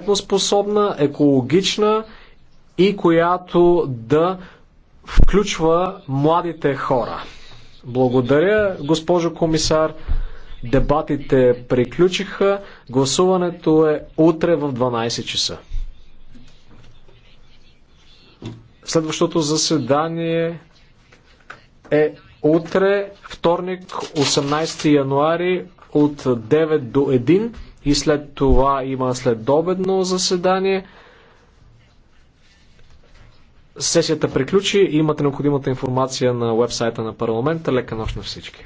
конкурентоспособна, екологична и която да включва младите хора. Благодаря, госпожо комисар. Дебатите приключиха. Гласуването е утре в 12 часа. Следващото заседание е утре, вторник, 18 януари от 9 до 1 и след това има следобедно заседание. Сесията приключи. Имате необходимата информация на вебсайта на парламента. Лека нощ на всички!